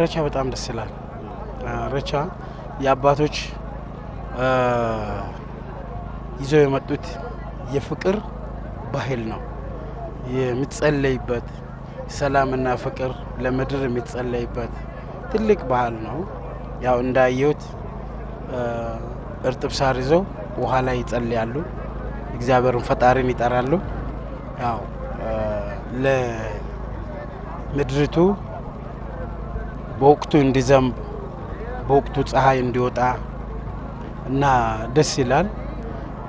ረቻ በጣም ደስ ይላል። ረቻ የአባቶች ይዘው የመጡት የፍቅር ባህል ነው። የሚጸለይበት ሰላምና ፍቅር ለምድር የሚጸለይበት ትልቅ ባህል ነው። ያው እንዳየሁት እርጥብ ሳር ይዘው ውሃ ላይ ይጸልያሉ፣ እግዚአብሔርን ፈጣሪን ይጠራሉ። ያው ለምድሪቱ በወቅቱ እንዲዘንብ በወቅቱ ፀሐይ እንዲወጣ እና ደስ ይላል።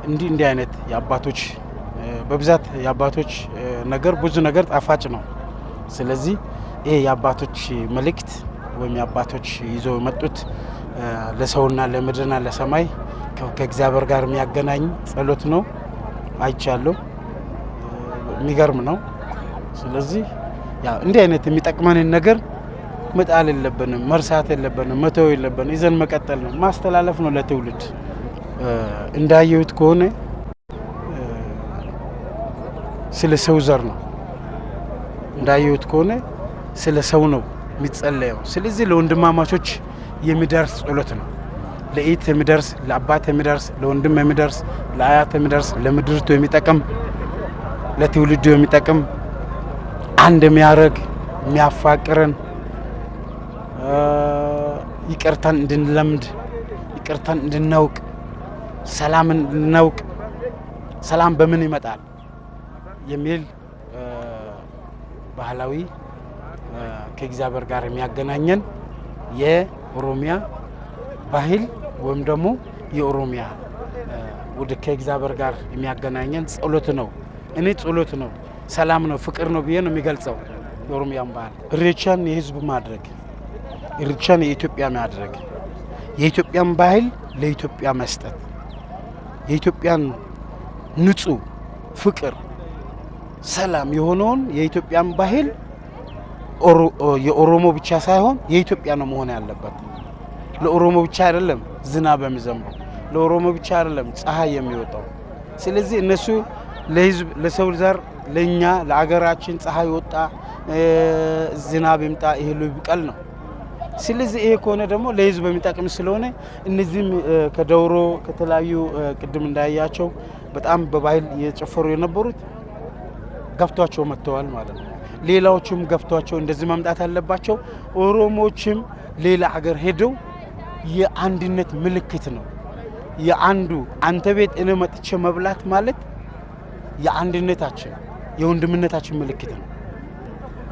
እንዲህ እንዲህ አይነት የአባቶች በብዛት የአባቶች ነገር ብዙ ነገር ጣፋጭ ነው። ስለዚህ ይሄ የአባቶች መልእክት ወይም የአባቶች ይዘው የመጡት ለሰውና ለምድርና ለሰማይ ከእግዚአብሔር ጋር የሚያገናኝ ጸሎት ነው። አይቻለሁ። የሚገርም ነው። ስለዚህ እንዲህ አይነት የሚጠቅመንን ነገር መጣል የለብንም፣ መርሳት የለብንም፣ መተው የለብንም። ይዘን መቀጠል ነው፣ ማስተላለፍ ነው ለትውልድ። እንዳየሁት ከሆነ ስለ ሰው ዘር ነው፣ እንዳየሁት ከሆነ ስለ ሰው ነው የሚጸለየው። ስለዚህ ለወንድማማቾች የሚደርስ ጸሎት ነው። ለኢት የሚደርስ ለአባት የሚደርስ ለወንድም የሚደርስ ለአያት የሚደርስ ለምድርቱ የሚጠቅም ለትውልዱ የሚጠቅም አንድ የሚያደርግ የሚያፋቅረን ይቅርታን እንድንለምድ፣ ይቅርታን እንድናውቅ፣ ሰላምን እንድናውቅ፣ ሰላም በምን ይመጣል የሚል ባህላዊ ከእግዚአብሔር ጋር የሚያገናኘን የኦሮሚያ ባህል ወይም ደግሞ የኦሮሚያ ወደ ከእግዚአብሔር ጋር የሚያገናኘን ጸሎት ነው። እኔ ጸሎት ነው፣ ሰላም ነው፣ ፍቅር ነው ብዬ ነው የሚገልጸው የኦሮሚያን ባህል። ኢሬቻን የህዝብ ማድረግ ኢሬቻን የኢትዮጵያ ማድረግ የኢትዮጵያን ባህል ለኢትዮጵያ መስጠት የኢትዮጵያን ንጹህ ፍቅር፣ ሰላም የሆነውን የኢትዮጵያን ባህል የኦሮሞ ብቻ ሳይሆን የኢትዮጵያ ነው መሆን ያለበት። ለኦሮሞ ብቻ አይደለም ዝናብ የሚዘንበው፣ ለኦሮሞ ብቻ አይደለም ፀሐይ የሚወጣው። ስለዚህ እነሱ ለህዝብ፣ ለሰው ዘር፣ ለእኛ ለአገራችን ፀሐይ ወጣ ዝናብ ይምጣ ይህሉ ይብቀል ነው። ስለዚህ ይሄ ከሆነ ደግሞ ለህዝብ የሚጠቅም ስለሆነ እነዚህም ከደውሮ ከተለያዩ ቅድም እንዳያቸው በጣም በባህል እየጨፈሩ የነበሩት ገብቷቸው መጥተዋል ማለት ነው። ሌላዎችም ገብቷቸው እንደዚህ መምጣት አለባቸው። ኦሮሞዎችም ሌላ ሀገር ሄደው የአንድነት ምልክት ነው። የአንዱ አንተ ቤት እኔ መጥቼ መብላት ማለት የአንድነታችን የወንድምነታችን ምልክት ነው።